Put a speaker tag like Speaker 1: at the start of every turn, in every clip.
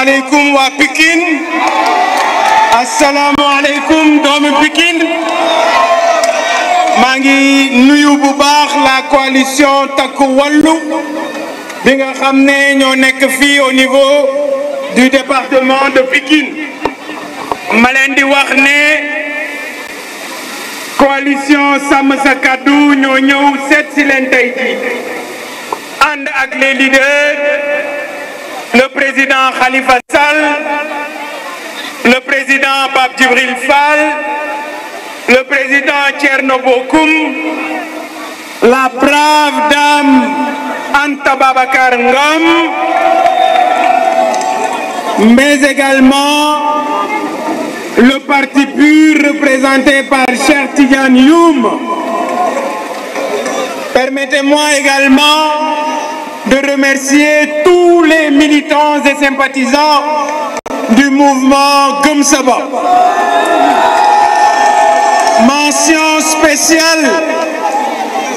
Speaker 1: aleykum waa Pikine asalaamualeykum maa ngi nuyu bu baax la coalition takku wàllu bi xam ne ñoo nekk fii au niveau du département de Pikine ma leen di wax ne coalition sàmm sa kàddu ñoo ñëw seet si leen tey ji ànd ak les leaders le président Khalifa Sall, le président Pape Djibril Fall, le président Thierno Bokoum, la brave dame Anta Babacar Ngom, mais également le parti pur représenté par Cher Tidiane Permettez-moi également remercier tous les militants Mention spéciale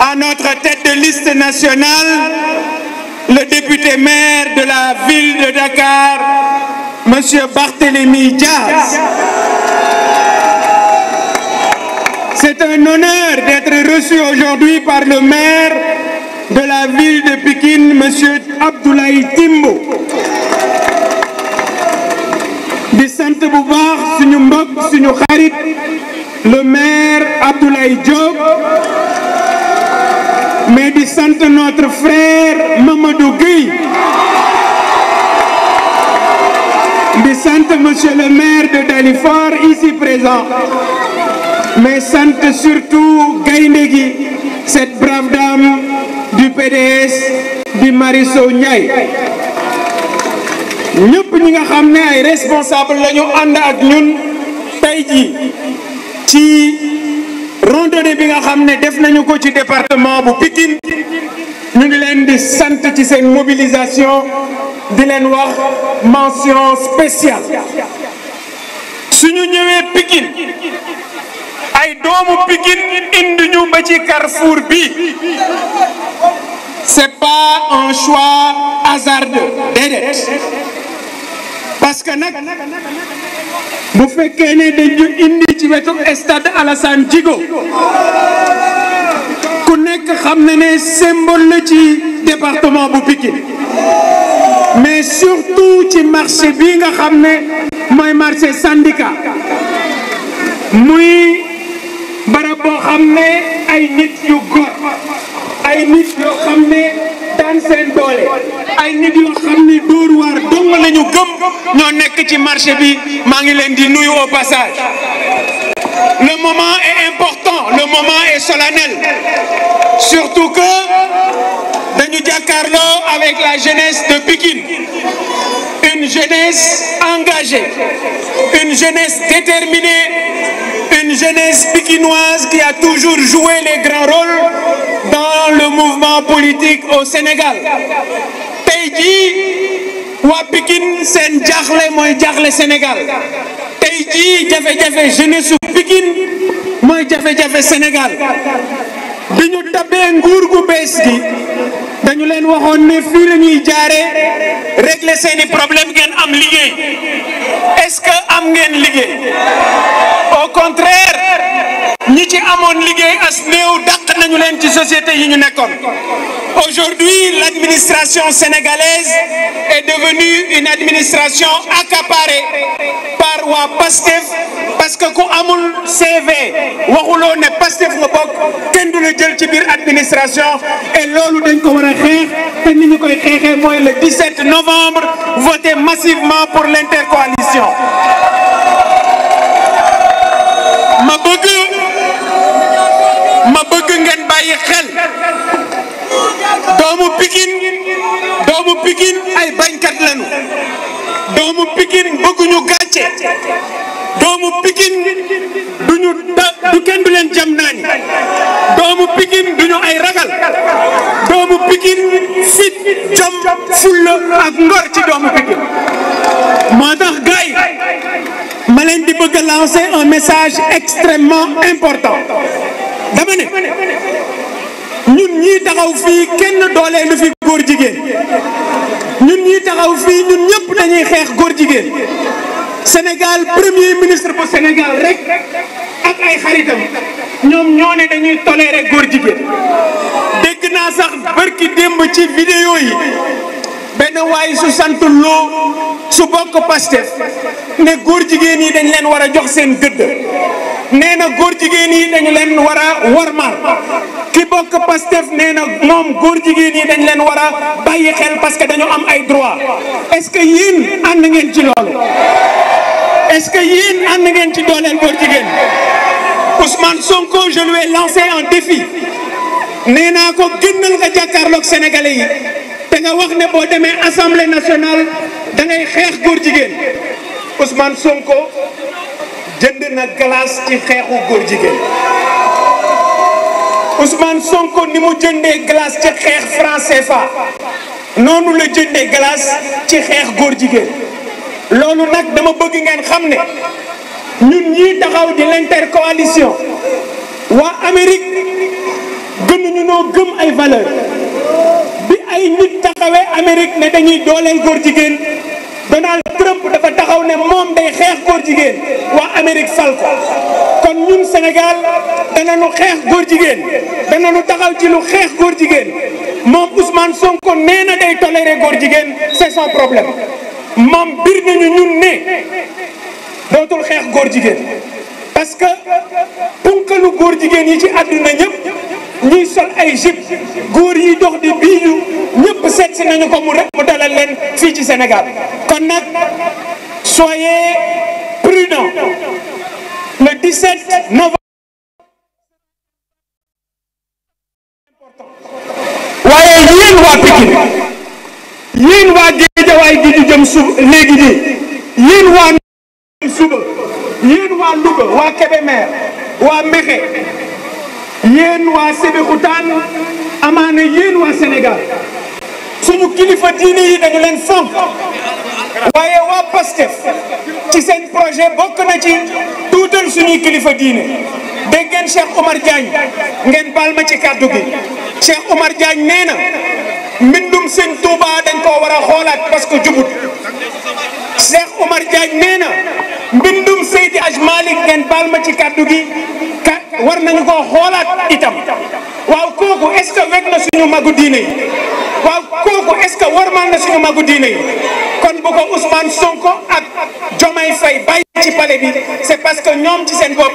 Speaker 1: à notre tête de liste nationale, le député maire de la ville de Dakar, monsieur Barthélémy Diaz. C'est un honneur d'être reçu aujourd'hui par le maire de la ville de Pékin, Monsieur Abdoulaye Timbo. di sant bu baax suñu mbokk suñu xarit le maire Abdoulaye Diop mais di sant notre frère Mamadou Guèye di sant monsieur le maire de Dalifort ici présent mais sant surtout gaynde gi PDS bi Marie Sow Ndiaye ñëpp ñi nga xam ne ay responsable la ànd ak ñun tey ji ci randonnée bi nga xam ne def nañu ko ci département bu Pikine ñu ngi leen di sant ci seen mobilisation di leen wax mention spéciale suñu ñëwee Pikine ay doomu Pikine indi ñu ba ci carrefour bi c'est pas un choix hasardeux déedéet parce que nag bu fekkee ne dañu indi ci wetu stade Alassane Djigo ku nekk xam na ne symbole la ci département bu Pikine mais surtout ci marché bi nga xam ne mooy marché syndicat muy barab boo xam ne ay nit yoo nekk ci marché bi maa ngi leen di nuyu au le moment est important le moment est solennel surtout que dañu jàkkaarloo avec la jeunesse de Pikine une jeunesse qui a toujours joué les grands rôles mouvement politique au Sénégal tey jii waa Pikine seen jaaxle mooy jaaxle Sénégal tey jii jafe-jafe jeunesse su Pikine mooy jafe-jafe Sénégal bi ñu tabee nguur gu bees gi dañu leen waxoon ne fii la ñuy jaaree régler seeni problème ngeen am liggéey est-ce que am ngeen liggéey au contraire ñi ci amoon liggéey as néew dàq nañu leen ci société yi ñu nekkoon aujourd'hui l'administration sénégalaise est devenue une administration accaparée par waa Pastef parce que ku amul CV waxuloo ne Pastef nga bokk kenn du la jël ci biir administration et loolu dañ ko war a xeex te ni ñu koy xeexee mooy le 17 novembre voter massivement pour l'intercoalition doomu Pikine doomu Pikine ay bañkat lañu doomu Pikine bëgguñu gàcce doomu Pikine duñu da du kenn du leen jam naani doomu Pikine duñu ay ragal doomu Pikine fit jom fulla ak ngor ci doomu Pikine moo tax gars ma leen di bëgg a lancer un message extrêmement important dama ne ñun ñi taxaw fii kenn doolee lu fi góor jigéen ñun ñii taxaw fii ñun ñëpp dañuy xeex góor jigéen Sénégal premier ministre bu Sénégal rek ak ay xaritam ñoom ñoo ne dañuy toléré góor jigéen dégg naa sax barki démb ci vidéo yi benn waay su sant loo su bokk Pastef ne góor jigéen yi dañ leen war a jox seen gëdd nee na góor jigéen yi dañu leen war a warmal ki bokk Pastef nee na moom góor jigéen yi dañ leen war bàyyi xel parce que dañu am ay droit est-ce que yéen ànd ngeen ci loolu est-ce que yéen ànd ngeen ci dooleel góor jigéen Ousmane Sonko je lui ai lancé un défi nee naa ko génnal nga jàkkaarloog sénégalais yi te nga wax ne boo demee assemblée nationale da ngay xeex góor jigéen Ousmane Sonko. jënd na glace ci xeexu góor jigéen Ousmane Sonko ni mu jëndee glace ci xeex franc CFA noonu la jëndee glace ci xeex góor jigéen loolu nag dama bëgg ngeen xam ne nit ñii taxaw di l'intercoalition waa Amérique gënuñu noo gëm ay valeur bi ay nit taxawee Amérique ne dañuy dooleel góor jigéen Donald Trump ñëpp dafa taxaw ne moom day xeex góor jigéen waa Amérique fal kon ñun Sénégal danañu xeex góor jigéen danañu taxaw ci lu xeex góor jigéen moom Ousmane Sonko nee na day tolérer góor jigéen c'est son problème moom bir nañu ñun ne dootul xeex góor jigéen parce que punkalu góor jigéen yi ci àdduna ñëpp. ñuy sol ay jip góor yi dox di biiju ñëpp seet si nañu ko mu rek mu dalal leen fii ci Sénégal kon nag soyez prudents le 17 novembre waaye yéen waa Pikine yéen waa Guédiawaye gi ñu jëm su léegi waa suba waa Louga waa waa Mékhé yéen waa Sébikotane amaana yéen waa Sénégal suñu kilifa diine yi dañu leen fonk waaye waa Pastef ci seen projet bokk na ci tuutal suñuy kilifa diine dégg ngeen Cheikh Omar ngeen baal ma ci kàddu gi Cheikh Omar Diagne nee na mbindum seen Touba dañ koo war xoolaat parce que jubut Cheikh Omar Diagne nee na mbindum Seydi Aj Malik ngeen baal ma ci kàddu gi war nañu koo xoolaat itam waaw kooku est-ce que weg na suñu magu diine yi waaw kooku est-ce que warmaal na suñu magu diine yi kon bu ko Ousmane Sonko ak Diomaye Faye bàyyi ci palais bi c'est parce que ñoom ci seen bopp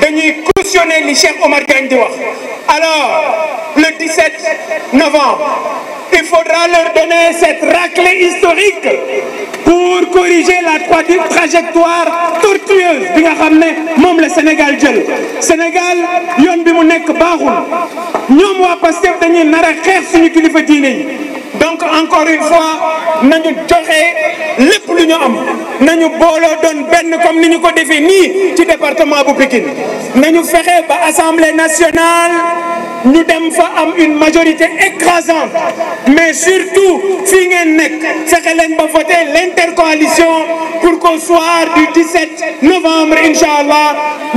Speaker 1: dañuy cautionner li Cheikh Omar Diagne di wax alors le 17 novembre il faudra leur donner cette raclée historique pour pour corriger la trajectoire tortueuse bi nga xam ne moom la Sénégal jël Sénégal yoon bi mu nekk baaxul ñoom waa Pastef dañuy nar xeex suñu kilifa diine yi donc encore une fois nañu joxe lépp lu ñu am nañu booloo doon benn comme ni ñu ko defee nii ci département bu Pikine nañu fexe ba assemblée nationale ñu dem fa am une majorité écrasante mais surtout fii ngeen nekk fexe leen ba voter l'intercoalition pour qu'au soir du 17 novembre incha allah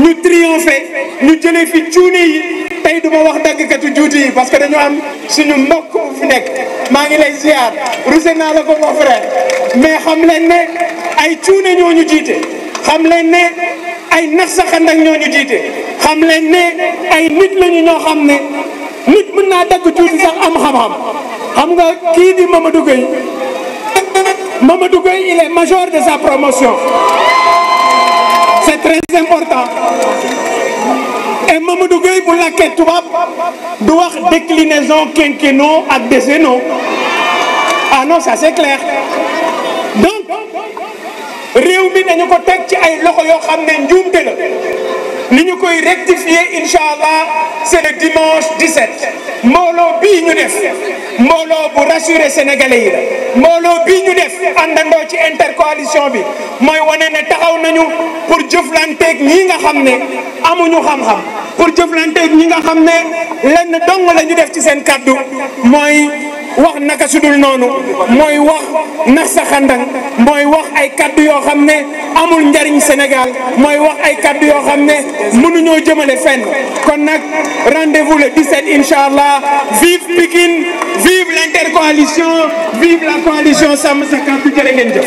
Speaker 1: ñu triompher ñu jëlee fi cuuni yi tey du ma wax daggkatu juuti yi parce que dañu am suñu mbokk fi nekk maa ngi lay ziar rusé naa la ko mon frère mais xam leen ne ay cuune ñoo ñu jiite xam leen ne ay nax saxandak ñoo ñu jiite xam leen ne ay nit lañu ñoo xam ne nit mën naa dagg tuuti sax am xam-xam xam nga kii di Mamadou Gueye Mamadou Gueye il est major de sa promotion c'est très important et Mamadou Gueye bu làkkee tubaab du wax déclinaison quinquennaux ak décennaux ah non c'est clair donc réew mi nañu ko teg ci ay loxo yoo xam ne njuumte la ni ñu koy rectifier incha allah c'est le dimanche set mbooloo bii ñu def mbooloo bu rassurer sénégalais yi la mbooloo bii ñu def àndandoo ci intercoalition bi mooy wane ne taxaw nañu pour jëflanteeg ñii nga xam ne amuñu xam-xam. pour jëflante ak ñi nga xam ne lenn dong la ñu def ci seen kàddu mooy wax naka sudul noonu mooy wax nax sa xandang mooy wax ay kàddu yoo xam ne amul njariñ Sénégal mooy wax ay kàddu yoo xam ne mënuñoo jëmale fenn kon nag rendez-vous le 17 incha allah vive Pikine vive l'intercoalition vive la coalition sàmm sa kàddu jërë ngeen jëf.